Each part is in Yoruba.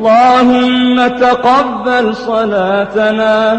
اللهم تقبل صلاتنا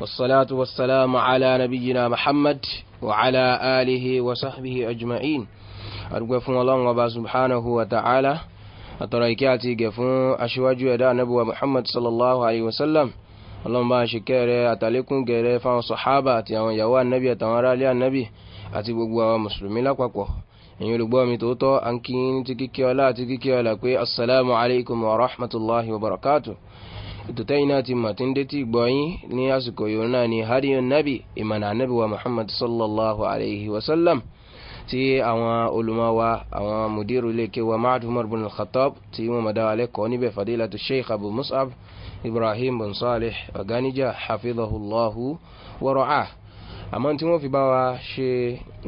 والصلاة والسلام على نبينا محمد وعلى آله وصحبه أجمعين أدوك الله وبا سبحانه وتعالى أتريكاتي قفون أشواج أداء نبوة محمد صلى الله عليه وسلم اللهم باشي كيري أتاليكم كيري فان صحابة أتيان يوان نبي أتيان رالي النبي أتي بقوا مسلمين لكوكو ẹ̀yin olùgbọ́ mi tòótọ́ à ń kí السلام عليكم ورحمة الله وبركاته ètòtẹ́ yìí náà ti mọ̀ tí ń dé tí gbọ́ yín ní àsìkò yòó náà ni hadiyun nabi ìmọ̀nà anabi wa muhammad sallallahu alayhi wa sallam tí àwọn olùmọ̀wá àwọn mudiru ilé-ìké wa mahad umar bin al-khattab tí wọ́n mọ̀ dáwà lẹ́kọ̀ọ́ níbẹ̀ fadilatu sheikh abu mus'ab ibrahim bin salih ọ̀gánijà hafidhahullahu wa ra'ah àmọ́ tí wọ́n fi bá wa ṣe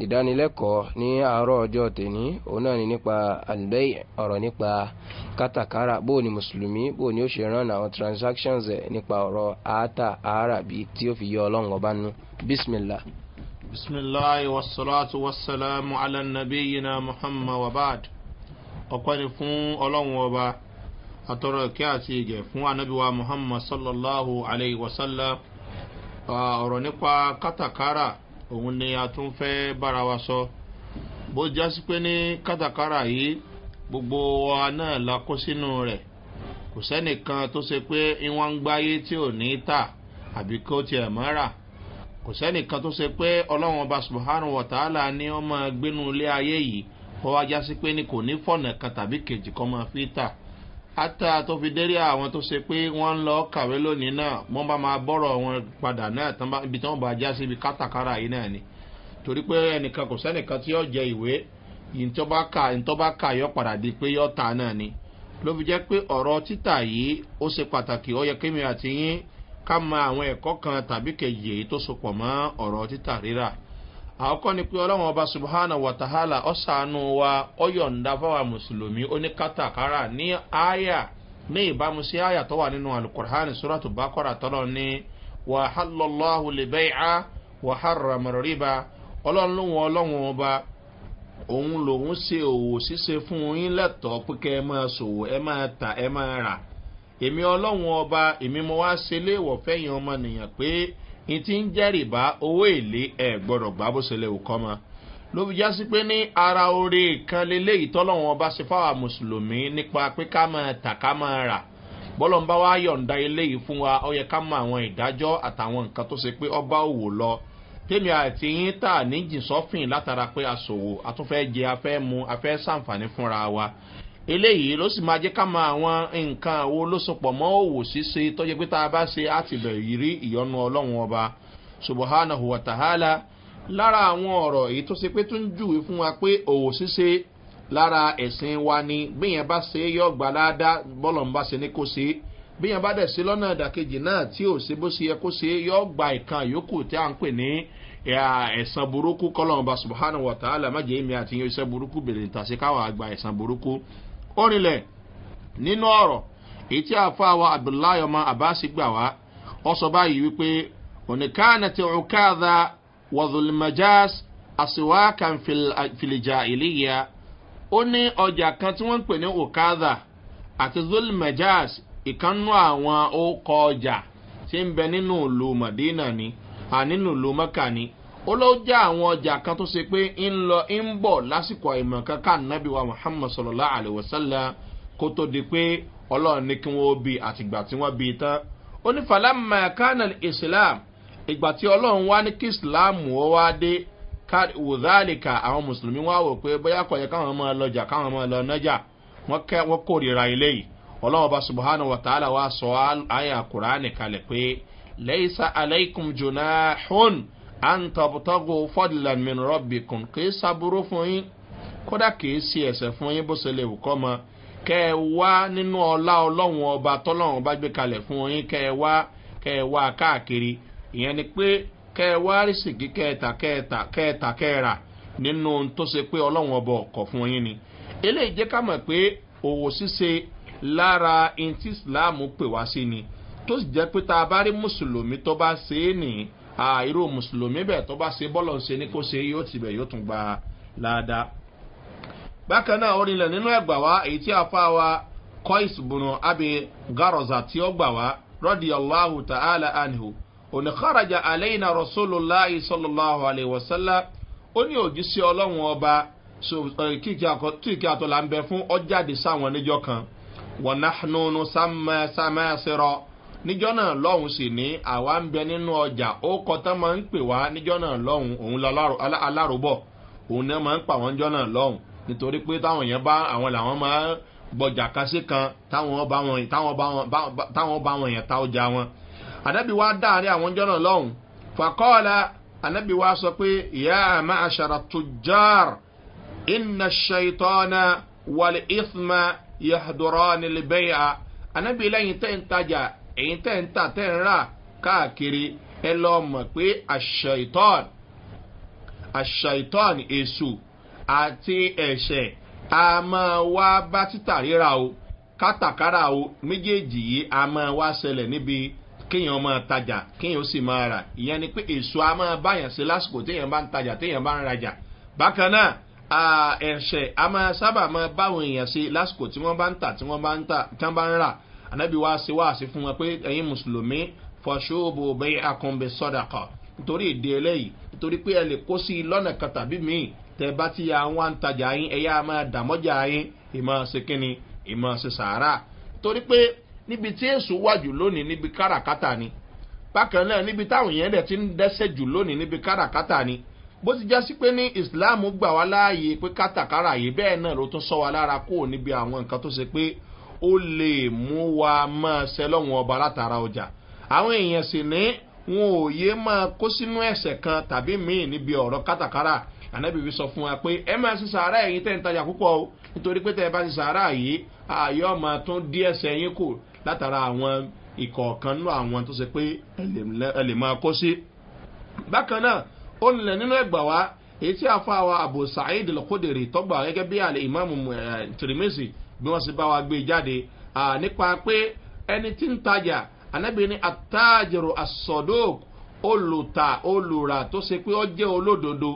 ìdánilẹ́kọ̀ọ́ ní àárọ̀ ọjọ́ tèní òun náà ni nípa àlùbẹ́yì ọ̀rọ̀ nípa kátàkárà bó ni mùsùlùmí bó ni ó ṣe rán àwọn transactions ẹ̀ nípa ọ̀rọ̀ àátà àáràbí tí ó fi yọ ọlọ́run ọba nú bísmìlá. bisimilahi wa wasalaamu ala nabiyina muhammad wabad ọ̀pẹ́ ni fún ọlọ́run ọba àtọ̀rọ̀ kí àti ìgẹ̀ fún anabiwa muhammad sallallahu alayhi wa sallam. ọ̀rọ̀ nípa kátàkárà òun ni a tún fẹ́ bára wa sọ bó jásí pé ní kátàkárà yìí gbogbo wa náà la kó sínú rẹ̀ kò sẹ́nìkan tó ṣe pé ìwọ̀n ń gbáyé tí ò ní tà àbí kó tiẹ̀ mọ́ rà kò sẹ́nìkan tó ṣe pé ọlọ́run ọba subahana wọ̀tàálà ni ọmọ máa gbénu ilé ayé yìí kó wá jásí pé ní kò ní fọ̀nà kan tàbí kejì kọ́ máa fi tà. ata tó fi dérí àwọn tó ṣe pé wọ́n ń lọ kàwé lónìí náà wọ́n bá máa bọ́rọ̀ wọn padà náà ibi tí wọ́n bá já sí kátàkárà yìí náà ni torí pé ẹnìkan kò sẹ́nìkan tí yóò jẹ ìwé ìtọ́ba kà yọ padà di pé yọ ta náà ni ló fi jẹ́ pé ọ̀rọ̀ títà yìí ó ṣe pàtàkì ó yẹ kémi àti yín ká mọ àwọn ẹ̀kọ́ kan tàbí kejì èyí tó sopọ̀ mọ́ ọ̀rọ̀ títà rírà àkọ́kọ́ ni pé ọlọ́run ọba subhana wàtàhálà ọ̀sánú wa ọ̀yọ̀ǹda fáwa mùsùlùmí oníkátàkárà ní àyà ní ìbámu sí àyà tó wà nínú alukur'ani suratu bakora tọ́lọ̀ ní wàhálọ́láhu lèbẹ́yà wàhárọ̀mọ̀rìbà ọlọ́run ọlọ́run ọba òun lòun ṣe òwò ṣíṣe fún yín lẹ́tọ̀ọ́ pé kẹ́ ẹ máa ṣòwò ẹ máa èmi ọlọ́run ọba èmi mo wá ṣe léèwọ̀ fẹ́yìn ọmọnìyàn pé n ti ń jẹ́rìbá owó èlé ẹ̀ gbọ́dọ̀ gbà bó ṣe lè kọ́ ma ló fi já sí pé ní ara oore kan leléyìí tọ́lọ́run ọba ṣe fáwọn mùsùlùmí nípa pé ká máa tà ká máa rà bọ́lọ́mbá wá yọ̀ǹda eléyìí fún wa ọ yẹ ká mọ àwọn ìdájọ́ àtàwọn nǹkan tó ṣe pé ọba òwò lọ tèmi àti yín tà níjìnsọ́fìn látara pé aṣòwò atúnfẹ́ jẹ afẹ́ mu afẹ́ sàǹfààní fúnra wa eléyìí ló sì máa jẹ́ ká máa àwọn nǹkan àwo ló sopọ̀ mọ́ òwò ṣíṣe tọ́jú pé tá a bá ṣe rí ìyọnu ọlọ́run ọba subahánahu wa lára àwọn ọ̀rọ̀ èyí tó ṣe pé tó ń júwe fún wa pé wa ni bíyẹn bá ṣe yọ gbà bọ́lọ̀ ń bá ṣe ní kó ṣe bíyẹn bá dẹ̀ gba ìkan yòókù tí à ń pè ní ẹ̀sán burúkú àti burúkú bèrè ìtàṣe orile ninu oro eti afa wa abdullahi ma abasi gba wa o so bayi wipe oni kanati ukadha wa dhulmajas aswakan fil fil jahiliya oni oja kan ti won pe ni ukadha ati dhulmajas ikanu awon o ko oja ti ninu ilu madina ni a ninu ilu makka ni ó ló já àwọn ọjà kan tó ṣe pé ń lọ ń bọ̀ lásìkò àìmọ̀ kankan nàbí wa muhammad sallallahu alayhi wa sallam kó tó di pé ọlọ́run ní kí wọ́n bí àtìgbà tí wọ́n bí tán ó ní falama kanal islam ìgbà tí ọlọ́run wá ní kí islam ó wá dé wùdálìkà àwọn mùsùlùmí wá wò pé bóyá kọ̀yẹ káwọn máa lọjà káwọn máa lọ nájà wọ́n kórìíra eléyìí ọlọ́run ọba subahana wa ta'ala wa sọ ayé àkùrá nìkalẹ̀ pé lẹ́yìn sá aleikum jùnà hún àǹtọ̀bùtọ́gù fọ́dìlà mìíràn rọ́bì kùn kì í sábúrú fún yín kódà kì í sí ẹ̀sẹ̀ fún yín bó ṣe lè wù kọ́ mọ kẹ́ ẹ wá nínú ọlá ọlọ́run ọba tọ́lọ́run bá gbé kalẹ̀ fún yín kẹ́ ẹ wá kẹ́ ẹ wá káàkiri ìyẹn ni pé kẹ́ ẹ wá rìsìkì kẹ́ẹ̀ta kẹ́ẹ̀ta kẹ́ẹ̀ta kẹ́ẹ̀ra nínú tó ṣe pé ọlọ́run ọba ọ̀kọ̀ fún yín ni eléyìí jẹ́ ká mọ̀ pé òwò ṣíṣe lára intí islam pè wá sí ni tó sì jẹ́ pé tá a bá rí mùsùlùmí tó bá ṣe é nìyí àìró mùsùlùmí bẹ̀ tó bá ṣe bọ́lọ̀ ṣe ní kó ṣe yóò ti bẹ̀ yóò tún gba láadáa. bákan náà orin lẹ̀ nínú ẹ̀gbà wa èyí tí a fa wa kọ́ ìsìnbùnú abi garoza tí ó gbà wá rọ́dì allahu ta'ala anhu òní kharaja aleyna rasulillah sallallahu alayhi wa sallam ó ní òjísé ọlọ́run ọba kíkì àtọ̀là ń bẹ fún ọjáde sáwọn níjọ kan wọ̀nà nùnú sàmẹ́sẹ̀rọ̀ níjọ́ náà lọ́hùn sì ní àwa ń bẹ nínú ọjà ó kọ tán máa ń pè wá níjọ́ náà lọ́hùn òun lọ alárobọ̀ òun náà máa ń pa àwọn níjọ́ náà lọ́hùn nítorí pé táwọn èèyàn bá àwọn làwọn máa gbọjà kásí kan táwọn bá wọn táwọn bá wọn yẹn ta ọjà wọn. ànábì wa dáàrin àwọn níjọ́ náà lọ́hùn fàkọ́ọ̀lá ànábì wa sọ pé ìyá àmà àṣàrà tujar inna ṣaitọ́nà wàlẹ̀ ìfúnma yahadurọ́ nílẹ̀ bẹ́yà ànábì lẹ́yìn tẹ́ ẹ̀yin tẹ̀ ń tà tẹ̀ ń rà káàkiri ẹ lọ mọ̀ pé àṣàìtọ́n àṣàìtọ́n èso àti ẹ̀ṣẹ̀ a máa wá bá títà ríra o kátàkárà o méjèèjì yìí a máa wá ṣẹlẹ̀ níbi kéèyàn máa tajà kéèyàn ó sì máa rà ìyẹn ni pé èso a máa báyàn sí lásìkò téèyàn bá ń tajà téèyàn bá ń rajà bákan náà ẹ̀ṣẹ̀ a máa sábà máa báwọn èèyàn sí lásìkò tí wọ́n bá ń tà tí wọ́n bá ń rà anabi wa ṣe wá sí fún wọn pé ẹ̀yin mùsùlùmí fọṣọ́bù bẹ́ẹ̀ akọ̀ǹbẹ̀ sọ́dàkọ̀ nítorí èdè eléyìí nítorí pé ẹ lè kó sí i lọ́nà kan tàbí míì tẹ bá ti ya wọn ń tajà yín ẹ yá máa dàmọ́jà yín ìmọ̀ ṣe kínni ìmọ̀ ṣe sàárà torí pé níbi tí èso wà jù lónìí níbi káràkátà ni bákan náà níbi táwọn yẹn ti ń dẹ́sẹ̀ jù lónìí níbi káràkátà ni bó ti já sí pé ní islam gbà wá láàyè pé kátàkárà yìí bẹ́ẹ̀ náà ló tún sọ wá lára kó níbi àwọn nǹkan tó ṣe pé ó lè mú wa máa ṣẹlọ́wọ́n ọba látara ọjà àwọn èèyàn sì ní wọn ò yé máa kó sínú ẹ̀sẹ̀ kan tàbí míì níbi ọ̀rọ̀ kátàkárà ànábì sọ fún wa pé ẹ máa ṣe sàárà ẹ̀yìn tẹ̀ ń tajà púpọ̀ o nítorí pé tẹ̀ ẹ bá ṣe sàárà yìí ààyè ọmọ tó dí ẹsẹ̀ yín kù látara àwọn ìkọ̀ọ̀kan nú àwọn tó ṣe pé ẹ lè máa kó sí. bákan náà ó nílẹ̀ nínú ẹgbà wa èyí tí a fa wa abu sa'id lọ́kọ́dẹ̀rẹ̀ tọ́gbà gẹ́gẹ́ bí alẹ́ ìmáàmù tìrìmẹ́sì bí wọ́n sì bá wa gbé jáde nípa pé ẹni tí ń tajà anábìrin atájìrò asọ̀dọ́k olùta olùrà tó ṣe pé ó olododo olódodo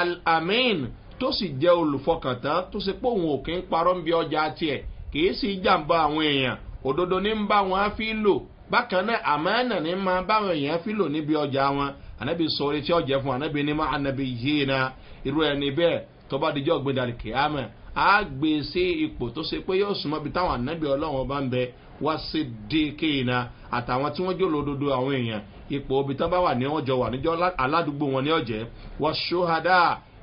alamin tó sì jẹ́ olùfọkàntán tó ṣe pé òun ò kí ń parọ́ ń bí ọjà tiẹ̀ sì jàǹbá àwọn èèyàn òdodo ní ń bá wọn fi lò bákan náà àmọ́nà ní máa báwọn fi lò níbi ọjà wọn anabi sọ tí ọjà fún na irú ẹni bẹ́ẹ̀ tọ́ba díjọ́ a gbé sí ipò tó ṣe pé yóò súnmọ́ bí táwọn ànábì ọlọ́run ọba ń bẹ wá sí díkè àtàwọn tí wọ́n jò lódodo àwọn èèyàn ipò òbí tán bá wà ní wà níjọ́ aládùúgbò wọn ní ọ̀jẹ́ wọ́n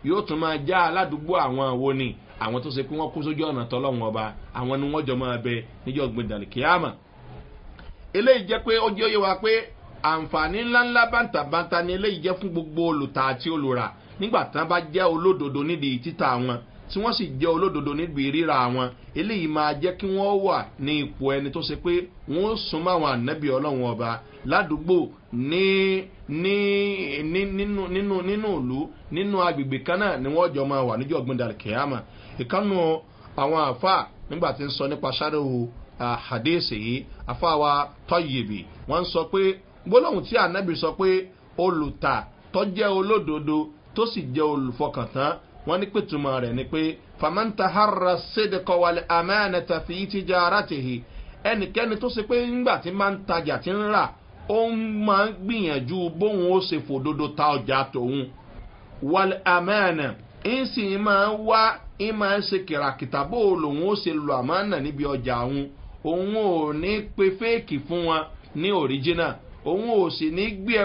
yóò tún máa já aládùúgbò àwọn wo ni àwọn tó ṣe pé wọ́n kú sójú ọ̀nà ọba àwọn ni wọ́n jọ máa bẹ níjọ́ kíámà eléyìí jẹ́ pé ó jẹ́ òye wa pé àǹfààní ńláńlá bàǹtàbàǹtà ni eléyìí jẹ́ fún gbogbo olùta àti olùrà nígbà tán bá jẹ́ olódodo nídìí títà wọn tí wọ́n sì jẹ́ olódodo níbi ríra wọn eléyìí máa jẹ́ kí wọ́n wà ní ipò ẹni tó ṣe pé wọ́n súnmọ́ àwọn ànábì ọlọ́run ọba ládùúgbò ní ní nínú nínú nínú ìlú nínú agbègbè kan náà ni wọ́n jọ máa wà níjọ́ ọ̀gbìn dàlẹ́ kẹ́hámà ìkànnù àwọn àfa nígbà tí ń sọ nípa sáré o àhàdéèsè yìí àfa wa tọ́yìbì wọ́n sọ pé gbólóhùn tí ànábì sọ pé olùtà tọ́jẹ́ olódodo tó sì jẹ́ olùfọkàntán wọ́n ní pètùmọ̀ rẹ̀ ni pé famanta harra amen wàlẹ̀ amẹ́nẹ tàfi ti jẹ́ ara tèhì ẹnikẹ́ni tó ṣe pé ńgbà tí máa ń tajà ti ń rà ó máa ń gbìyànjú bóun ó ṣe fòdodo ta ọjà tòun wàlẹ̀ amẹ́nẹ ń sì máa ń wá ń máa ń ṣe kìràkìtà bó lòun ó ṣe níbi ọjà òun òun ò ní pe fẹ́ẹ̀kì fún wọn ní òríjínà òun ò sì ní gbé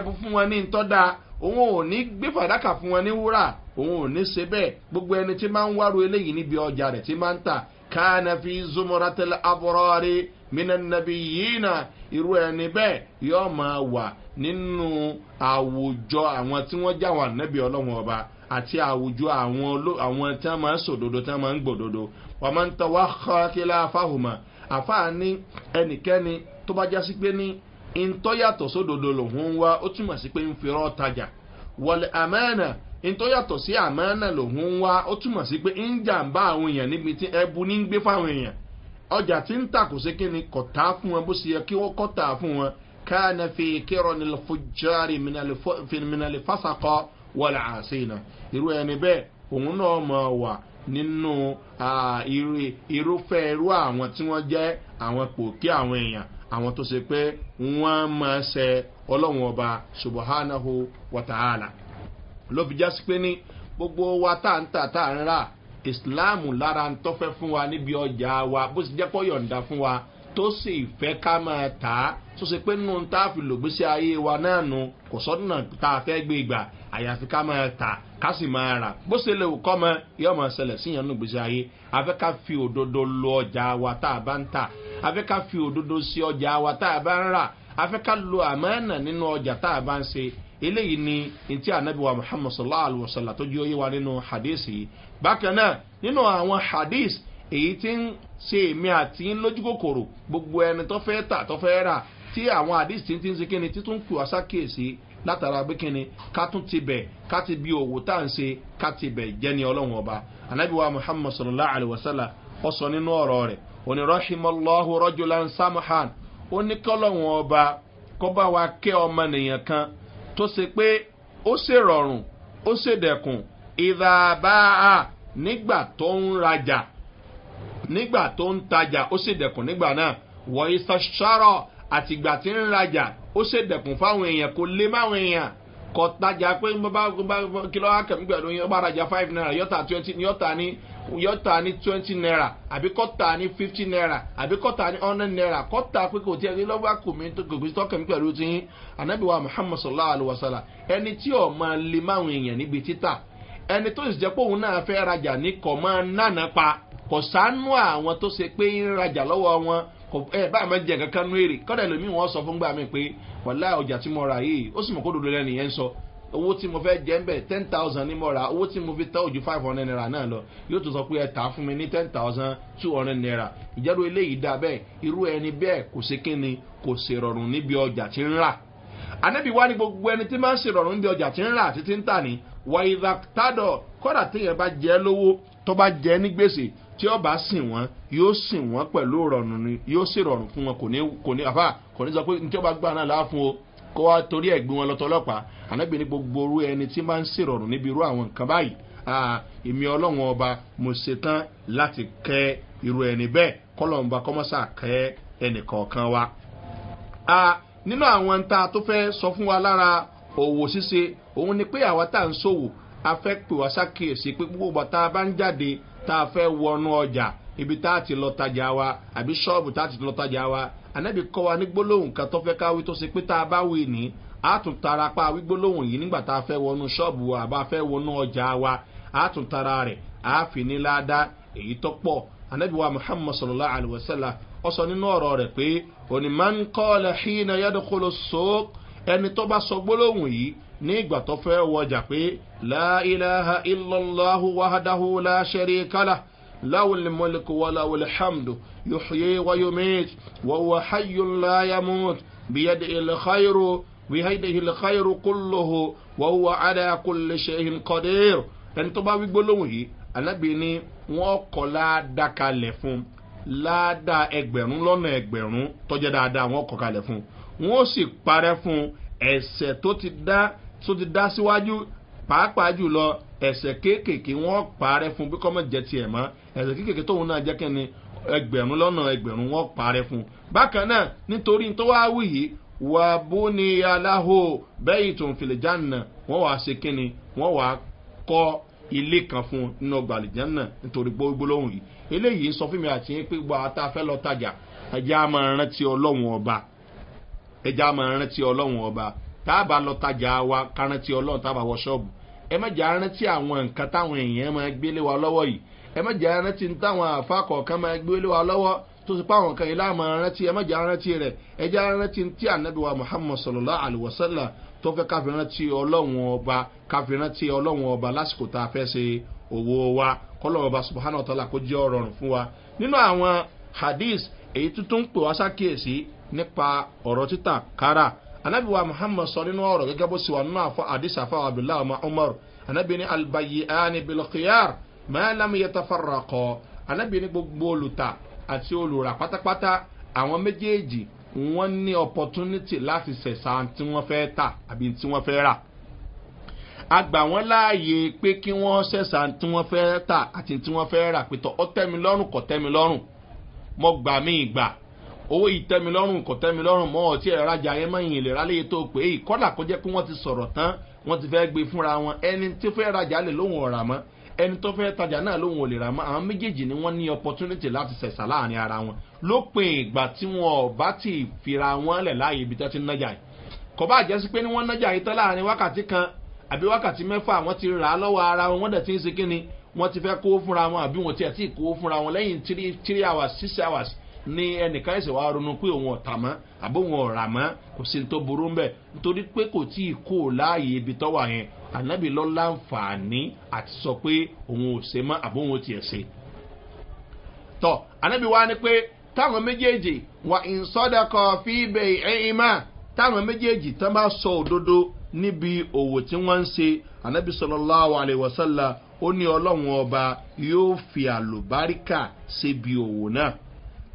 òun ò ní ṣe bẹ́ẹ̀ gbogbo ẹni tí máa ń wárò eléyìí níbi ọjà rẹ̀ tí máa ń tà káànáfi zumuratẹlẹ abọrọrí minanabi yìnyínna irú ẹni bẹ́ẹ̀ yóò máa wà nínú àwùjọ àwọn tí wọ́n jáwọ́ ànábì ọlọ́run ọba àti àwùjọ àwọn tí wọ́n máa ń sòdodo tí wọ́n máa ń gbòdodo wọ́n máa ń tọwọ́ kọ́kílá fáhùmá àfáàní ẹnikẹ́ni tó bá jásí pé ní ntọ́yàtọ̀ sódodo lòun ń wá ó túmọ̀ sí pé ń fi rọ́ tajà wọlé àmẹ́ẹ̀nà n tó yàtọ̀ sí àmánà lòun ń wá ó túmọ̀ sí pé ń jàǹbá àwọn èèyàn níbi tí ẹbu ní ń gbé fáwọn èèyàn ọjà tí ń tà kò sí kí ni kò tá fún wọn bó ṣe yẹ kí wọ́n kọ́ tà fún wọn káàna fi kírọ̀ ní lọ́fọ́járì mìnàlẹ́ fásakọ wọlé àṣìnà irú ẹni bẹ́ẹ̀ òun náà mọ̀ wà nínú irúfẹ́ irú àwọn tí wọ́n jẹ́ àwọn pòkí àwọn èèyàn àwọn tó ṣe pé wọ́n máa ṣe ọlọ́run ọba subahánahu wàtàhálà ló fi jásí pé ní gbogbo wa tá à ń tà tá à ń rà islam lára ń tọ́fẹ́ fún wa níbi ọjà wa bó sì jẹ́ pọ́ yọ̀ǹda fún wa tó sì fẹ́ ká máa tà á tó ṣe pé nínú tá a fi lògbésí ayé wa náà nu kò sọ́dún náà tá a fẹ́ gbé ìgbà àyàfi ká máa tà ká sì máa rà bó ṣe lè kọ́ mọ yóò máa ṣẹlẹ̀ síyàn nínú ìgbésí ayé afẹ́ ká fi òdodo lo ọjà wa tá a bá ń tà afẹ́ ká fi òdodo sí ọjà wa tá a bá ń rà afẹ́ ká lo àmọ́ ẹ̀nà nínú ọjà tá a bá ń ṣe eléyìí ni ntí anabi wa muhammad sallallahu alaihi wa sallam tó jẹ́ oyé wa nínú hadith yìí bákan náà nínú àwọn hadith èyí tí ń ṣe èmi àti ń lójú kòkòrò gbogbo ẹni tó fẹ́ tà tó fẹ́ rà tí àwọn hadith tí ń ti ń ṣe kíni títún kù ọ̀sá kíyèsí látara pé kíni ká tún ti bẹ̀ ká ti bí òwò tá à ń ṣe ká ti bẹ̀ jẹ́ ni ọlọ́run ọba anabi muhammad sallallahu alaihi wa sallam ọ sọ nínú ọ̀rọ̀ rẹ̀ òní rahimallahu rajulan samahan ó ní kọ́lọ́run ọba kọ́ bá wa kẹ́ ọmọ nìyẹn kan tó ṣe pé ó ṣèrọ̀rùn ó ṣèdẹ̀kùn ìdàbáà nígbà tó ń rajà nígbà tó ń tajà ó ṣèdẹ̀kùn nígbà náà wọ ìsọ̀ṣọ́rọ̀ àtìgbà tí ń rajà ó ṣèdẹ̀kùn fáwọn èèyàn kò lè máwọn èèyàn kọ tajà pé bá kí lọ́wọ́ akẹ́mígbẹ̀rún yẹn bá rajà five naira yọ́ta twenty yọ́ta ni yọ ta ní twenty naira àbí kọ́ ta ní fifty naira àbí kọ́ ta ní hundred naira kọ́ ta pé kò tí ẹ rí lọ́wọ́ kò mí gògùn sí tọ́kàn mi pẹ̀lú ti yín anabiwa muhammad sallallahu alayhi wa sallam ẹni tí ò máa lè máwọn èèyàn níbi títà ẹni tó sì jẹ́ pé òun náà fẹ́ rajà ní kò máa nànà pa kò sánú àwọn tó ṣe pé ń rajà lọ́wọ́ wọn ẹ bá àmọ́ jẹ kankan nú èrè kọ́dà ẹlòmíì wọ́n sọ fún gbà mí pé wàlá ọjà tí mo rà yìí ó sì mọ̀ kó dodo lẹ́nu yẹn sọ owó tí mo fẹ́ jẹ́ ń bẹ̀ ten thousand ní mo ra owó tí mo fi tẹ́ ojú five hundred naira náà lọ yóò tún sọ pé ẹ tà á fún mi ní ten thousand two hundred naira ìjẹ́rú eléyìí dá bẹ́ẹ̀ irú ẹni bẹ́ẹ̀ kò sí kíni kò ṣèrọ̀rùn níbi ọjà tí ń rà ànábì wá ní gbogbo ẹni tí máa ń ṣèrọ̀rùn níbi ọjà tí ń rà àti tí ń tà ní wàhíìdà tádọ̀ kọ́dà téèyàn bá jẹ́ lówó tó bá jẹ́ ní gbèsè tí ó sìn wọ́n yóò sìn wọ́n pẹ̀lú ìrọ̀rùn ni yóò ṣèrọ̀rùn fún wọn kò ní kò ní àfà kò ní sọ pé ní tí ó gbà náà láàfún o kó wá torí ẹ̀gbin wọn lọ́tọ́ ọlọ́pàá ànábì ní gbogbo orú ẹni tí máa ń sèrọ̀rùn níbi irú àwọn nǹkan báyìí èmi ọlọ́run ọba mo ṣetán láti kẹ́ irú ẹni bẹ́ẹ̀ kọ́lọ́mùbá kọ́mọ́sà kẹ́ ẹnì kọ̀ọ̀kan wa. nínú àwọn ń ta tó fẹ́ sọ fún wa lára òwò ṣíṣe òun ni pé àwa tá à ń ṣòwò a fẹ́ pè wá sákèèsí pé gbogbo ọba tá a bá ń jáde tá a fẹ́ wọnú ọjà ibi tá a ti lọ tajà wa àbí ṣọ́ọ̀bù tá a ti lọ tajà wa ànábì kọ́ wa ní gbólóhùn kan tó fẹ́ káwé tó ṣe pé tá a bá wí ní àtún tara pa wígbólóhùn yìí nígbà tá a fẹ́ wọnú ṣọ́ọ̀bù wa àbá fẹ́ wọnú ọjà wa àtún tara rẹ̀ àáfin ní ládàá èyí tó pọ̀ ànábì wa muhammad sallallahu alayhi wa sallam ọ sọ nínú ọ̀rọ̀ rẹ̀ pé òní máa ń kọ́ ọ̀lẹ̀ hìnà yẹ́dọ̀kọ́lọ́ sọ́ọ́ ẹni tó bá sọ gbólóhùn yìí ní ìgbà tó fẹ́ wọjà pé láìláha ìlọ́láhu wàhádàhù láṣẹ́rí kálá له الملك وله الحمد يحيي ويميت وهو حي لا يموت بيده الخير بيده الخير كله وهو على كل شيء قدير ẹni tó bá wí gbólóhùn yìí anábì ni wọn kọ láàdá kalẹ̀ fún láàdá ẹgbẹ̀rún lọ́nà ẹgbẹ̀rún tọ́jẹ́ dáadáa wọn kọ kalẹ̀ fún wọn ó sì parẹ́ fún ẹsẹ̀ tó ti dá síwájú pàápàá jùlọ ẹ̀sẹ̀ kéékèèké wọ́n parẹ́ fún bí kọ́mọ̀ jẹ́ tiẹ̀ mọ́ ẹ̀sẹ̀ kéékèèké tóun náà jẹ́ kẹ́ni ẹgbẹ̀rún lọ́nà ẹgbẹ̀rún wọ́n parẹ́ fún. bákan náà nítorí tó wá wì yìí wà bó ni aláhó bẹ́ẹ̀ tó ń filè jáàna wọ́n wàá ṣe kíni wọ́n wàá kọ́ ilé kan fún nínú ọgbà àlìjáná nítorí gbólóhùn yìí eléyìí sọ fún mi àti yín pé gbọ́ ata fẹ́ lọ tajà ẹja máa rántí ọlọ́run ọba ẹja máa rántí ọlọ́run ọba tá a bá lọ wa ká rántí ọlọ́run tá a ẹ mẹ́jẹ̀ arántí àwọn nǹkan táwọn èèyàn máa gbélé wa lọ́wọ́ yìí ẹ mẹ́jẹ̀ arántí táwọn àfa kọ̀ọ̀kan máa gbélé wa lọ́wọ́ tó ti pa àwọn kan ilé àmọ́ arántí ẹ mẹ́jẹ̀ arántí rẹ̀ ẹ jẹ́ arántí tí ànábìwá muhammad sallallahu alayhi wa sallam tó fẹ́ káfíńrántí ọlọ́run ọba káfíńrántí ọlọ́run ọba lásìkò tá a fẹ́ ṣe owó wa kọ́lọ́run ọba subhanahu wa ta'ala kó jẹ́ ọ̀rọ̀rùn fún wa nínú àwọn hadith èyí tuntun pè wá sákìyèsí nípa ọ̀rọ̀ títà kára anabi wa muhammad sọ nínú ọ̀rọ̀ gẹ́gẹ́ bó sì wà nínú àfọ àdìsá fáwọn abdullahi ọmọ umar anabi ní albayi ani bilkiyar mẹ́lẹ́mu yẹ tafarra kọ́ anabi ní gbogbo olùta àti olùrà pátápátá àwọn méjèèjì wọ́n ní opportunity láti sẹ̀sà tí wọ́n fẹ́ tà àbí tí wọ́n fẹ́ rà a gbà láàyè pé kí wọ́n sẹ̀sà tí wọ́n fẹ́ tà àti tí wọ́n fẹ́ rà pé tọ́ ọ tẹ́mi lọ́rùn kọ́ tẹ́mi lọ́rùn mo gbà mí ìgbà owó ìtẹ́milọ́rùn kò tẹ́milọ́rùn mọ́ ọtí ẹ̀rọ ajá yẹn mọ́ ìyìnlẹ̀ ráléyé tó pé èyí kọ́dà kó jẹ́ pé wọ́n ti sọ̀rọ̀ tán wọ́n ti fẹ́ gbé fúnra wọn ẹni tó fẹ́ rajà lè lóhùn ọ̀rà mọ́ ẹni tó fẹ́ tajà náà lóhùn òlè mọ́ àwọn méjèèjì ni wọ́n ní opportunity láti sẹ̀sà láàrin ara wọn lópin ìgbà tí wọn ò bá ti fira wọn lẹ̀ láàyè ibi tó ti nájà yìí kò bá jẹ́ sí pé ni wọ́n nájà yìí tán láàrin wákàtí kan àbí wákàtí mẹ́fà wọ́n ti rà á lọ́wọ́ ara wọn wọ́n dẹ̀ ti ń se kí wọ́n ti fẹ́ kó fúnra wọn àbí wọ́n ti ẹ̀ tí ì kó fúnra wọn lẹ́yìn three three hours six hours ni ẹnìkan ẹsẹ̀ wa ronú pé òun ọ̀tà mọ́ àbó òun ọ̀rà mọ́ kò sí tó burú ń bẹ̀ nítorí pé kò tí ì kó láàyè ibi tó yẹn ànábì lọ láǹfààní àti sọ pé òun ò ṣe mọ́ àbó òun ò tiẹ̀ ṣe. tọ́ ànábì wa ni pé táwọn méjèèjì wà ìsọdọ̀kọ̀ fi ibẹ̀ ẹ̀yìn táwọn méjèèjì tán bá sọ òdodo níbi òwò tí wọ́n ń ṣe ànábì ó ní ọlọ́run ọba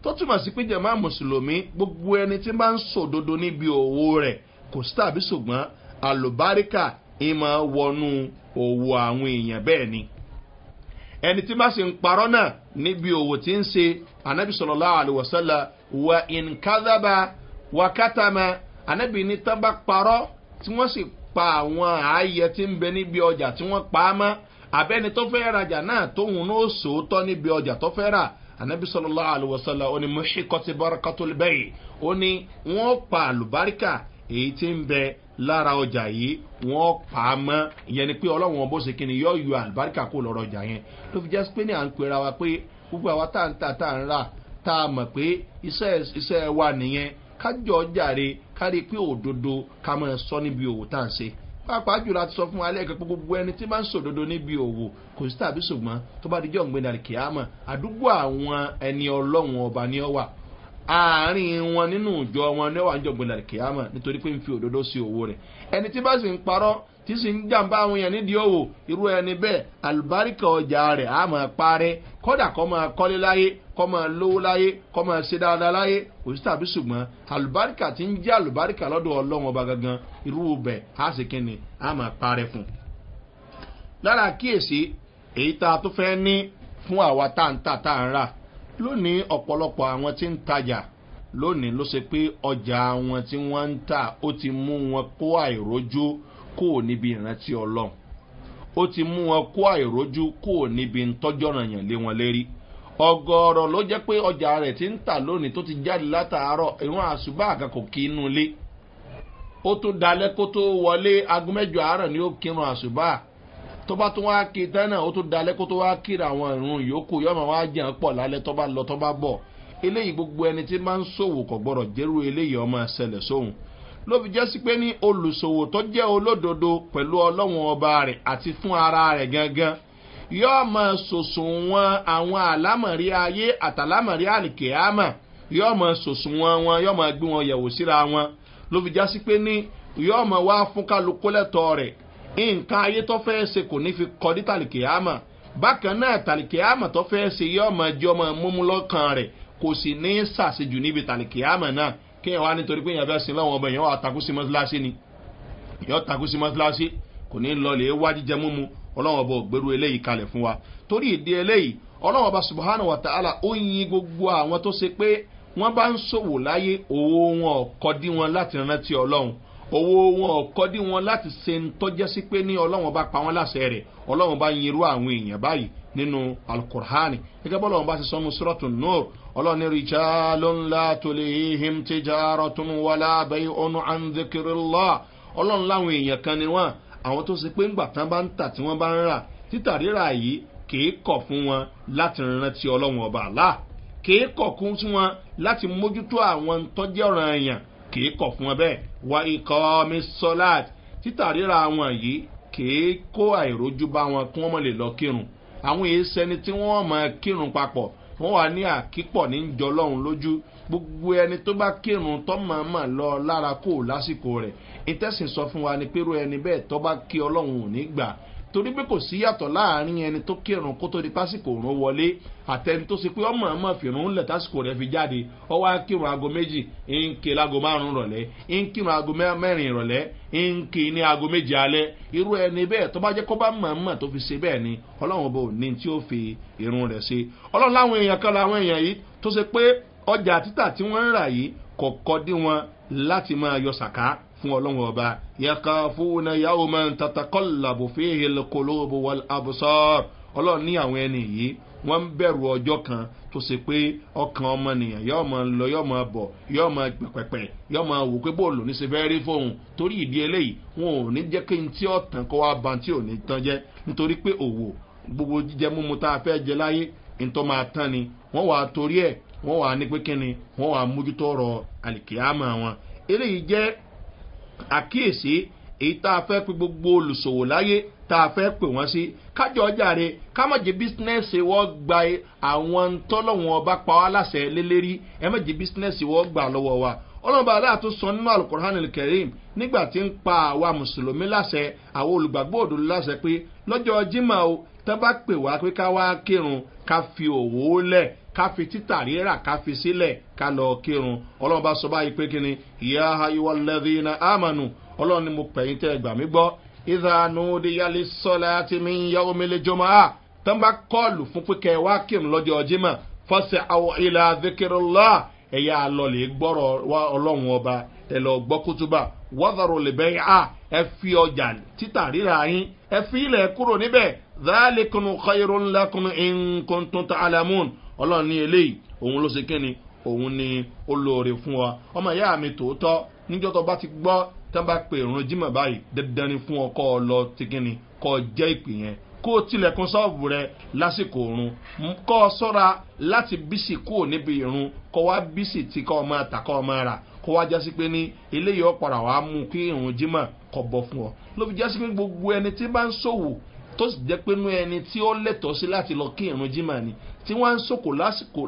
tó túmọ̀ sí pé jẹ̀má mùsùlùmí gbogbo ẹni tí bá ń sòdodo níbi òwò rẹ̀ kò sí tàbí ṣùgbọ́n àlùbáríkà ìmọ̀ wọnú òwò àwọn èèyàn bẹ́ẹ̀ ni ẹni tí bá sì ń parọ́ náà níbi òwò tí ń se anabi sọlọ́lá àlùwọ̀sọ́lá wà ìnkádàbà wà kátàmà anabi ní tábà parọ́ tí wọ́n sì pa àwọn ààyè tí ń bẹ níbi ọjà tí wọ́n pa á mọ́ abẹ́ni tó fẹ́ rajà náà tóun náà sòótọ́ níbi ọjà tó fẹ́ rà anabi sọlọlá àlùwọ̀sọlá ó ní mọ̀ṣíkọ́tì bọ́rakọ́tò bẹ́ẹ̀ ó ní wọ́n pa àlùbáríkà èyí tí ń bẹ lára ọjà yìí wọ́n pa á mọ́ ìyẹn ni pé ọlọ́run ọbọ̀ ṣe kí ni yọ yọ àlùbáríkà kó lọ́rọ̀ ọjà yẹn ló fi jẹ́ pé ní à ń pera wa pé gbogbo àwa tá à ń tà tá à ń rà tá a mọ̀ pé iṣẹ́ wa nìyẹn kájọ jàre kárí pé òdodo ká máa sọ níbi òwò tá à ń ṣe pàápàá jùlọ àti sọ fún wa lẹ́ẹ̀kan pé gbogbo ẹni tí máa ń sòdodo níbi òwò kò sí tàbí ṣùgbọ́n tó bá dijọ́ ògbéni àríkèámọ̀ àdúgbò àwọn ẹni ọlọ́run ọba ni ọ wà àárín wọn nínú ìjọ wọn ni ọ wà ń jọ ògbéni àríkèámọ̀ nítorí pé ń fi òdodo sí òwò rẹ̀ ẹni tí bá sì ń parọ́ tí sì ń jàǹbá àwọn èèyàn nídìí òwò irú ẹni bẹ́ẹ̀ àlùbáríkà ọjà rẹ̀ á máa parẹ́ kọ́dà kọ́ máa kọ́lé láyé kọ́ máa lówó láyé kọ́ máa ṣe dáadáa láyé kò sí tàbí ṣùgbọ́n àlùbáríkà tí ń jẹ́ àlùbáríkà lọ́dọ̀ ọlọ́run ọba gangan irú bẹ́ẹ̀ á sì kíni á máa parẹ́ fún. lára kíyèsí èyí tá a tó fẹ́ ní fún àwa tá ń tà tá ń rà lónìí ọ̀pọ̀lọpọ̀ àwọn tí ń tajà lónìí ló ṣe pé ọjà àwọn tí wọ́n ń tà ó ti mú wọn kó àìrójú kó o níbi ìrántí ọlọ́run ó ti mú wọn kó àìrójú kó o níbi ntọ́jọ́ràn yàn lé wọn lérí ọgọrọ ló jẹ pé ọjà rẹ ti ń tà lónìí tó ti jáde látàárọ ìwọn àṣùbà àkàkọ kí inú ilé ó tún dalẹ kó tó wọlé agúnmẹjọ àárọ ni ó kírun àṣùbà tó bá tún wá kí tẹ́nà ó tún dalẹ kó tó wá kíra àwọn ìrún yòókù yọmọ wá jẹun pọ̀ lálẹ́ tó bá lọ tó bá bọ̀ eléyìí gbogbo ẹni tí máa ń ṣòwò kọ̀ gbọ́dọ̀ jẹ́rú eléyìí ọmọ ẹsẹ̀lẹ̀ sóhun ló fi jẹ́ sí pé ní olùsòwò tó jẹ́ olódodo pẹ̀lú ọlọ́run ọba rẹ̀ àti fún ara rẹ̀ gangan yóò mọ sòsùn wọn àwọn àlámọ̀rí ayé àtàlámọ̀rí àlìkèámà yóò mọ sòsùn wọn wọn yóò mọ gbé wọn yẹ̀wò síra wọn ló fi jẹ́ sí pé ní yóò mọ wá fún kálukú lẹ́tọ̀ọ́ rẹ̀ nǹkan ayé tó fẹ́ ṣe kò ní fi kọ́ ní tàlìkèámà bákan náà tàlìkèámà tó fẹ́ ṣe yóò mọ jẹ́ múmú lọ́kàn rẹ̀ kò sì ní sàṣejù níbi tàlìkèámà náà kí ẹ̀ wá nítorí pé èèyàn fẹ́ sin lọ́wọ́ ọba èèyàn wà takú sí mọ́síláṣí ni èèyàn takú sí mọ́síláṣí kò ní lọ lè wá jíjẹ múmu ọlọ́wọ́ ọba ògbérú eléyìí kalẹ̀ fún wa torí ìdí eléyìí ọlọ́wọ́ ọba subahana wa ta'ala ó yin gbogbo àwọn tó ṣe pé wọ́n bá ń ṣòwò láyé owó wọn ọ̀kọ́ dí wọn láti rántí ọlọ́run owó wọn ọ̀kọ́ dí wọn láti ṣe ń tọ́jẹ́ sí pé ní ọlọ́wọ́n bá pa wọn láṣẹ rẹ̀ ọlọ́wọ́n bá yin irú àwọn èèyàn báyìí nínú alukur'ani gẹ́gẹ́ bọ́lọ́wọ́n bá ṣe sọ́nu sírọ́tù nùr ọlọ́ni rìjálùn látòlèhìm ti jàrọ̀ tún wọlé abẹ́yẹ ọ̀nù àǹdẹ̀kẹrẹ́lá ọlọ́run láwọn èèyàn kan ni wọ́n àwọn tó ṣe pé ńgbà tán bá ń tà tí wọ́n bá ń rà títà rírà yìí kìí kọ̀ fún wọn láti rántí ọlọ́run ọba àlá kìí kọ̀ kún sí wọn láti mójútó àwọn tọ́jẹ́ ọ̀ràn èèyàn kìí kọ̀ fún wọn bẹ́ẹ̀ wa ikọ̀ mi sọ́láàt títà rírà wọn yìí kìí kó àìrójú bá wọn kí wọ́n mọ̀ lè lọ kírun àwọn èèyàn sẹni tí wọ́n mọ̀ kírun papọ̀ wọ́n wà ní àkípọ̀ ní jọlọ́run lójú gbogbo ẹni tó bá kírun tọ́mọ̀ọ́mọ̀ lọ lára kó lásìkò rẹ̀ ìtẹ̀sìn sọ fún wa ni pé irú ẹni bẹ́ẹ̀ tọ́ bá kí ọlọ́run ò ní gbà torí pé kò sí yàtọ̀ láàrin ẹni tó kírun kó tó di pásìkò òrùn wọlé àtẹni tó ṣe pé ọmọ ọmọ fìrún lẹ̀ tásìkò rẹ̀ fi jáde ọwọ́ akírun aago méjì ń ké láago márùn rọ̀lẹ́ ń kírun aago mẹ́rin rọ̀lẹ́ ń ké ní aago méje alẹ́ irú ẹni bẹ́ẹ̀ tó bá jẹ́ kó bá mọ̀ọ́mọ̀ tó fi ṣe bẹ́ẹ̀ ni ọlọ́run bò ní tí ó fi irun rẹ̀ ṣe ọlọ́run láwọn èèyàn kan láwọn èèyàn yìí tó ṣe pé ọjà títà tí wọ́n ń rà yìí kọ̀ọ̀kọ́ dí wọn láti máa yọ sàká fún ọlọ́run ọba yẹka fún yahoo man tatakọ́làbò fihil kolóbo wal abusor ọlọ́run ní àwọn ẹni yìí wọ́n ń bẹ̀rù ọjọ́ kan tó ṣe pé ọkàn ọmọnìyàn yóò máa lọ yóò máa bọ̀ yóò máa pẹ̀pẹ̀pẹ̀ yóò máa wò pé bóòlù ní ṣe rí fóun torí ìdí eléyìí wọn ò ní jẹ́ kí n tí ọ̀tàn kó wá ba tí ò ní tán jẹ́ nítorí pé òwò gbogbo jíjẹ múmu tá a fẹ́ jẹ láyé ntọ́ máa tán ni wọ́n wàá torí ẹ̀ wọ́n wàá ní pé kíni wọ́n wàá mójútó ọ̀rọ̀ àlìkíyàmọ̀ àkíyèsí èyí tá a fẹ́ pé gbogbo olùsòwò láyé tá a fẹ́ pè wọ́n sí kájọ ọjàre ká má jẹ́ bísínẹ́sì wọ́n gba àwọn tọ́lọ́wọ́n ọba pa wá láṣẹ lélẹ́rí ẹ má jẹ́ bísínẹ́sì wọ́n gbà lọ́wọ́ wa ọlọ́run bá aláàtú sọ nínú alukur'an kẹrin nígbà tí ń pa àwa mùsùlùmí láṣẹ àwọn olùgbàgbọ́ òdòdó láṣẹ pé lọ́jọ́ jimá o tẹ́ bá pè wá pé ká wá kírun ká fi òwò lẹ̀ ká fi títà rírà ká fi sílẹ̀ ká lọ kírun ọlọ́run bá sọ báyìí pé kíni ìyá ayíwá lẹ́dínà àmànù ọlọ́run ni mo pẹ̀yìn tẹ́ gbà mí gbọ́ ìdánù díyàlí sọ́lá ti mi ń yá omi lè jọmọ́ a tán bá kọ́ọ̀lù fún pé kẹ́ wá kírun lọ́jọ́ jimá fọ́sẹ̀ àwọn ilà adékèrèlá ẹ̀yà àlọ́lẹ̀ gbọ́rọ̀ ọlọ́run ọba ẹ̀ lọ gbọ́ kútúbà wọ́dọ̀rọ̀ lè bẹ́ẹ̀ à ẹ fi ọjà títà ríra yín ẹ fi ilẹ̀ kúrò níbẹ̀ dáálé kunu kọ́yọ̀rọ̀ ńlá kunu ìnkùntùntà àlàmúnù ọlọ́run ní eléyìí òun ló ṣe kíni òun ni ó lóore fún wa ọmọ ìyá mi tòótọ́ níjọ́ tó bá ti gbọ́ tó bá pè ìrún jimọ̀ báyìí dandan ni fún ọ kọ́ ọ lọ ti kíni kọ́ ọ jẹ́ ìpè yẹn kó o tilẹ̀kùn sọ́ọ̀bù rẹ lásìkò òrun kọ́ ọ sọ́ra láti bísì kúrò níbi ìrun kọ́ wá bísì tí kọ́ ọ máa tà kọ́ ọ máa rà kó wá jásí pé ní eléyìí ọ̀pọ̀ra wàá mú kí ìrùn jimá kọ̀ bọ̀ fún ọ ló fi jásí pé gbogbo ẹni tí bá ń ṣòwò tó sì jẹ́ pé nú ẹni tí ó lẹ́tọ̀ọ́ sí láti lọ kí ìrùn jimá ni tí wọ́n ń sòkò lásìkò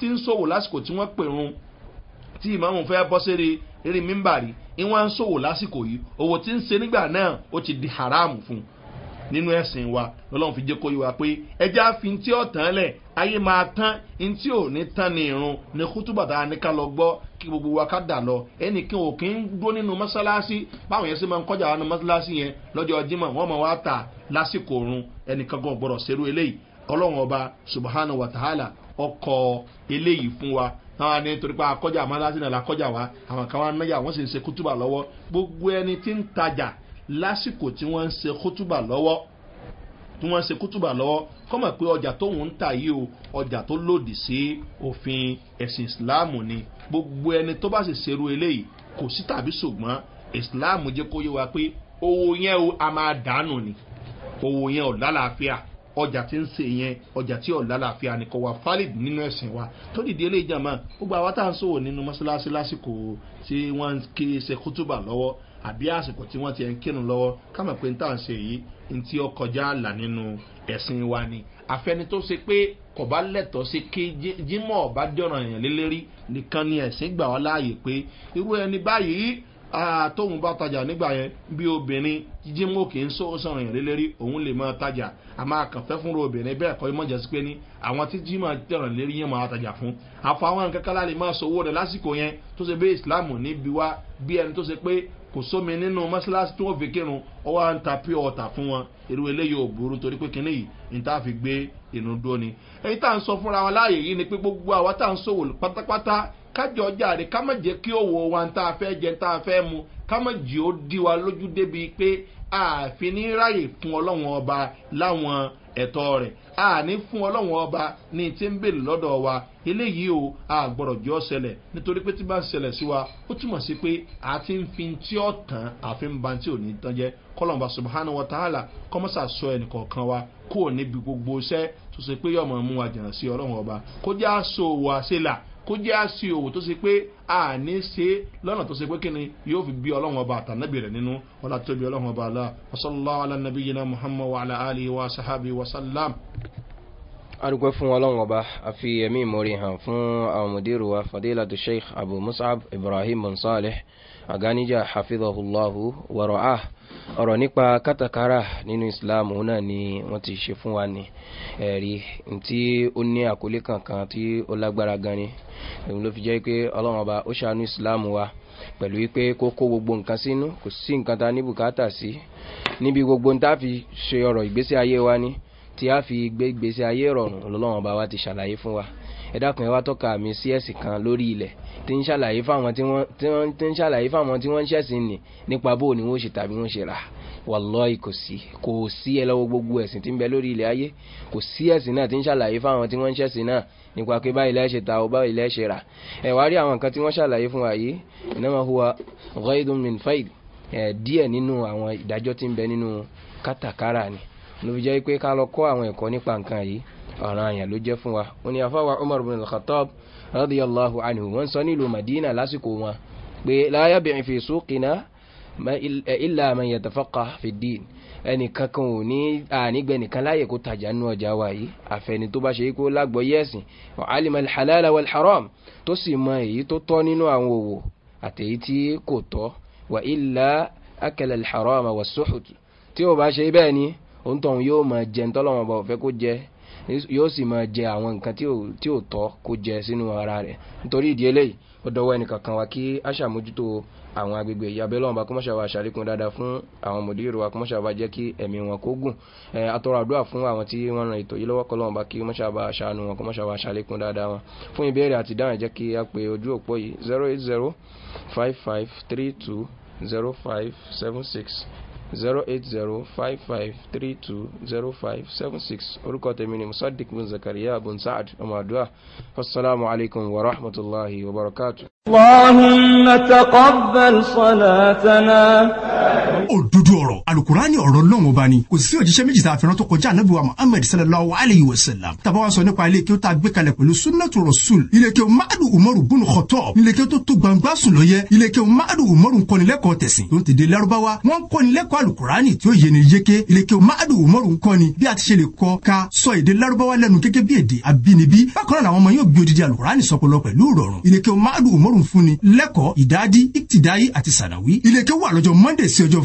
tí ń sòwò lásìkò tí wọ́n pèrún tí ìmọ̀mù fẹ́ bọ́ sí rí mímbàrí ni wọ́n ń sòwò lásìkò yìí òwò tí ń se nígbà náà ó ti di haram fún nínú ẹ̀sìn wa lọ́lọ́run fi jẹ́ kó yíwa pé ẹja fi ń tí ọ̀tán lẹ̀ ayé máa tán ń tí ò ní tán ní irun ní kútùbàtà ní ká lọ gbọ́ kí gbogbo wa ká dà lọ ẹnì kí òkè ń dó nínú mọ́sálásí báwọn yẹn sì máa ń kọjá wa nínú mọ́sálásí yẹn lọ́jọ́ jimá wọ́n máa wá tà lásìkò oorun ẹnì kankan gbọ́dọ̀ serú eléyìí ọlọ́run ọba subahana wa ta'ala ọkọ̀ eléyìí fún wa táwọn ní torí pé akọ́jà amálásínà làkọ́jà wa àwọn kan wọn náyà wọ́n sì ń ṣe kútùbà lọ́wọ́ gbogbo ẹni tí ń tajà lásìkò tí wọ́n ń ṣe kútùbà lọ́wọ́ tí wọ́n ń ṣe kútùbà lọ́wọ́ kọ́mọ̀ pé ọjà tóun ń tà yìí o ọjà tó lòdì sí òfin ẹ̀sìn ìsìláàmù ni gbogbo ẹni tó bá sì ṣerú eléyìí kò sí tàbí ṣùgbọ́n ìsìláàmù jẹ́ kó yé wa pé owó yẹn o a máa dànù ni owó yẹn ò lálàáfíà ọjà tí ń se yẹn ọjà tí ọ̀la làáfíà ni kò wá valid nínú ẹ̀sìn wa tó dìde ilé ìjàmbá gbogbo àwa tá à ń sòwò nínú mọ́ṣáláṣí lásìkò tí wọ́n ń ké ṣe kútùbà lọ́wọ́ àbí àsìkò tí wọ́n ti ń kírun lọ́wọ́ kámọ̀ pé tá à ń ṣe yìí ní tí ó kọjá àlà nínú ẹ̀sìn wa ni àfẹni tó ṣe pé kò bá lẹ́tọ̀ọ́ sí kí jimoh bá jọ̀ràn èèyàn lélẹ́rí nìkan ni ẹ̀sìn gbà wá láàyè pé irú ẹni báyìí tóun bá tajà nígbà yẹn bí obìnrin jíjímọ̀ kì í sọ sọ̀rọ̀ yẹn lélẹ́rí òun lè máa tajà àmọ́ àkànfẹ́ fúnra obìnrin bẹ́ẹ̀ kọ́ ìmọ̀jẹ̀ sí pé ní àwọn tí jíjímọ̀ tẹ̀rọ̀ lérí yẹn máa tajà fún àfọwọ́n kankanlá lè máa sọ̀wọ́ rẹ̀ lásìkò yẹn tó ṣe bí ìsìláàmù níbi wá bí ẹni tó ṣe pé kò sómi nínú mọ́ṣáláṣí tí wọ́n fi kírun ọ wá ń ta pure water fún wọn irú eléyìí ò burú torí pé kinní yìí ní tá a fi gbé inú dóni. èyí tá à ń sọ fúnra wa láàyè yìí ni pé gbogbo àwa tá à ń sòwò pátápátá kájọ jáde ká má jẹ́ kí òwò wa tá a fẹ́ jẹ tá a fẹ́ mu ká má jẹ́ ó di wa lójú débi pé ààfin ní ráyè fún ọlọ́wọ́n ọba láwọn ẹ̀tọ́ rẹ̀ àní fún ọlọ́wọ́n ọba ní ti ń bèrè lọ́dọ̀ wa eléyìí o àgbọ̀rọ̀ jọ ṣẹlẹ̀ nítorí pé tí bá ń ṣẹlẹ̀ sí wa ó túmọ̀ sí pé a ti ń fi tí ó tàn àfi ń ba tí ò ní tán jẹ́ kọlọ̀mbà subhanahu wa ta'ala kọ́mọ́sà sọ ẹnì kọ̀ọ̀kan wa kúrò níbi gbogbo iṣẹ́ tó ṣe pé yọ̀mọ̀ mú wa jìnnà sí ọlọ́wọ́n ọba kó jẹ́ àṣọ òwò àṣẹlà kó jẹ́ àṣì òwò tó ṣe pé a ní ṣe lọ́nà tó ṣe pé kíni yóò fi bí ọlọ́run ọba àtànábì rẹ̀ nínú ọlá tó bí ọlọ́run ọba àlá wasalaamu ala nabi yina muhammad wa ala alihi wa sahabi wa arúgbó fún ọlọ́run ọba àfi ẹ̀mí ìmọ̀rí hàn fún àwọn mùdírù wa fadila du sheikh abu musab ibrahim bin aganija hafidhahullahu wa ra'ah ọ̀rọ̀ nípa kátàkárà nínú islam òun náà ni wọ́n ti ṣe fún wa ní ẹ̀rí tí ó ní àkólé kankan tí ó lágbára gan ni òun ló fi jẹ́ pé ọlọ́run ọba ó ṣàánú islam wa pẹ̀lú wípé kó kó gbogbo nǹkan sínú kò sí nǹkan ta ní bùkátà sí níbi gbogbo tá a fi ṣe ọ̀rọ̀ ìgbésí ayé wa ni tí a fi gbé ìgbésí ayé rọrùn ọlọ́run ọba wa ti ṣàlàyé fún wa ẹ̀dàkùn ẹ̀wá tọ́ka mi sí ẹ̀sìn kan lórí ilẹ̀ tí ń ṣàlàyé fáwọn tí wọ́n ń ṣẹ̀sìn nì nípa bó ni wọ́n ṣe tàbí wọ́n ṣe rà wàlọ́ọ̀ì kò sí kò sí ẹ lọ́wọ́ gbogbo ẹ̀sìn tí ń bẹ lórí ilẹ̀ ayé kò sí ẹ̀sìn náà tí ń ṣàlàyé fáwọn tí wọ́n ń ṣẹ̀sìn náà nípa pé báyìí lẹ́ṣẹ̀ ta ọ báyìí lẹ́ṣẹ̀ rà ẹ wá rí àwọn nǹkan tí wọ́n ṣàlàyé fún wa yìí ìnáwó huwa ghaidun min faid ẹ díẹ̀ nínú àwọn ìdájọ́ tí ń bẹ nínú kátàkárà ni ló jẹ́ pé ká lọ kọ́ àwọn ẹ̀kọ́ nípa nǹkan yìí ọ̀ràn àyàn ló jẹ́ fún wa wọn ni afáwa umar bin al-khattab radiyallahu anhu wọn sọ nílùú madina lásìkò wọn pé láyà bìnrin fi sókìnà ilà àmàyẹ tafaka fìdín ẹnìkan kan ò ní ànígbẹ nìkan láàyè kó tajà nú ọjà wa yìí àfẹni tó bá ṣe kó lágbọ yẹsìn alim alhalala wal haram tó sì mọ èyí tó tọ́ nínú àwọn òwò àtẹ̀yí tí kò tọ́ wà ilà akẹlẹ alharam wà sóhùtù tí ó bá ṣe bẹ́ẹ̀ ni òun tọ̀hún yóò mọ jẹ́ ntọ́lọ́mọba òfẹ́ kó jẹ́ yóò sì máa jẹ àwọn nǹkan tí ò tọ́ kó jẹ sínú ara rẹ̀ nítorí ìdí eléyìí ó dọwọ́ ẹnìkankan wa kí a ṣàmójútó àwọn agbègbè ìyàbẹ́ lọ́wọ́n bá kọ́mọ́ṣà wa ṣàlékún dáadáa fún àwọn mòdìrò wa kọ́mọ́ṣà wa jẹ́ kí ẹ̀mí wọn kó gùn atọ́rọ àdúrà fún àwọn tí wọ́n ran ètò yìí lọ́wọ́ kọ́lọ́wọ́n bá kí kọ́mọ́ṣà wa ṣàánú wọn kọ́mọ́ṣà wa ṣàlékún dáadáa wọn fún ìbéèrè àti dáhùn jẹ́ kí a pe ojú òpó yìí zero eight zero five five three two zero five seven six 08055320576 orúkọ tèmi ni musaddiq bin zakariya bin sa'ad ọmọ àdúrà assalamu alaikum wa rahmatullahi wa barakatuh. اللهم تقبل صلاتنا òdodo ọ̀rọ̀ alukurani ọ̀rọ̀ lọ́wọ́n bá ni kò sí òjíṣẹ́ méjì tá a fẹ́ràn tó kọjá anabi wa muhammed sallallahu alayhi wa sallam tàbá wa sọ nípa ilé kí ó tá gbé kalẹ̀ pẹ̀lú sunnatu rasul ilé kí o madu umaru bunu kọtọ ilé kí o tó tó gbangba sùn lọ yẹ ilé kí o madu umaru nkọnilẹ́kọ̀ọ́ tẹ̀sìn tó ń tẹ̀dé larubawa wọn nkọnilẹ́kọ̀ọ́ alukurani tí ó yẹ ni yeke ilé kí o madu umaru nkọni bí a ti ṣe lè kọ ka sọ èdè larubawa lẹnu gẹ́gẹ́ bí èdè abínibí bákan náà àwọn yóò gbé odidi alukurani sọpọlọ pẹ̀lú ìrọ̀rùn ilé kí o madu umaru fúnni lẹ́kọ̀ọ́ ìdádi ìtìdáyé àti sànàwí ilé kí o wà lọ́jọ́ monday sí ọjọ́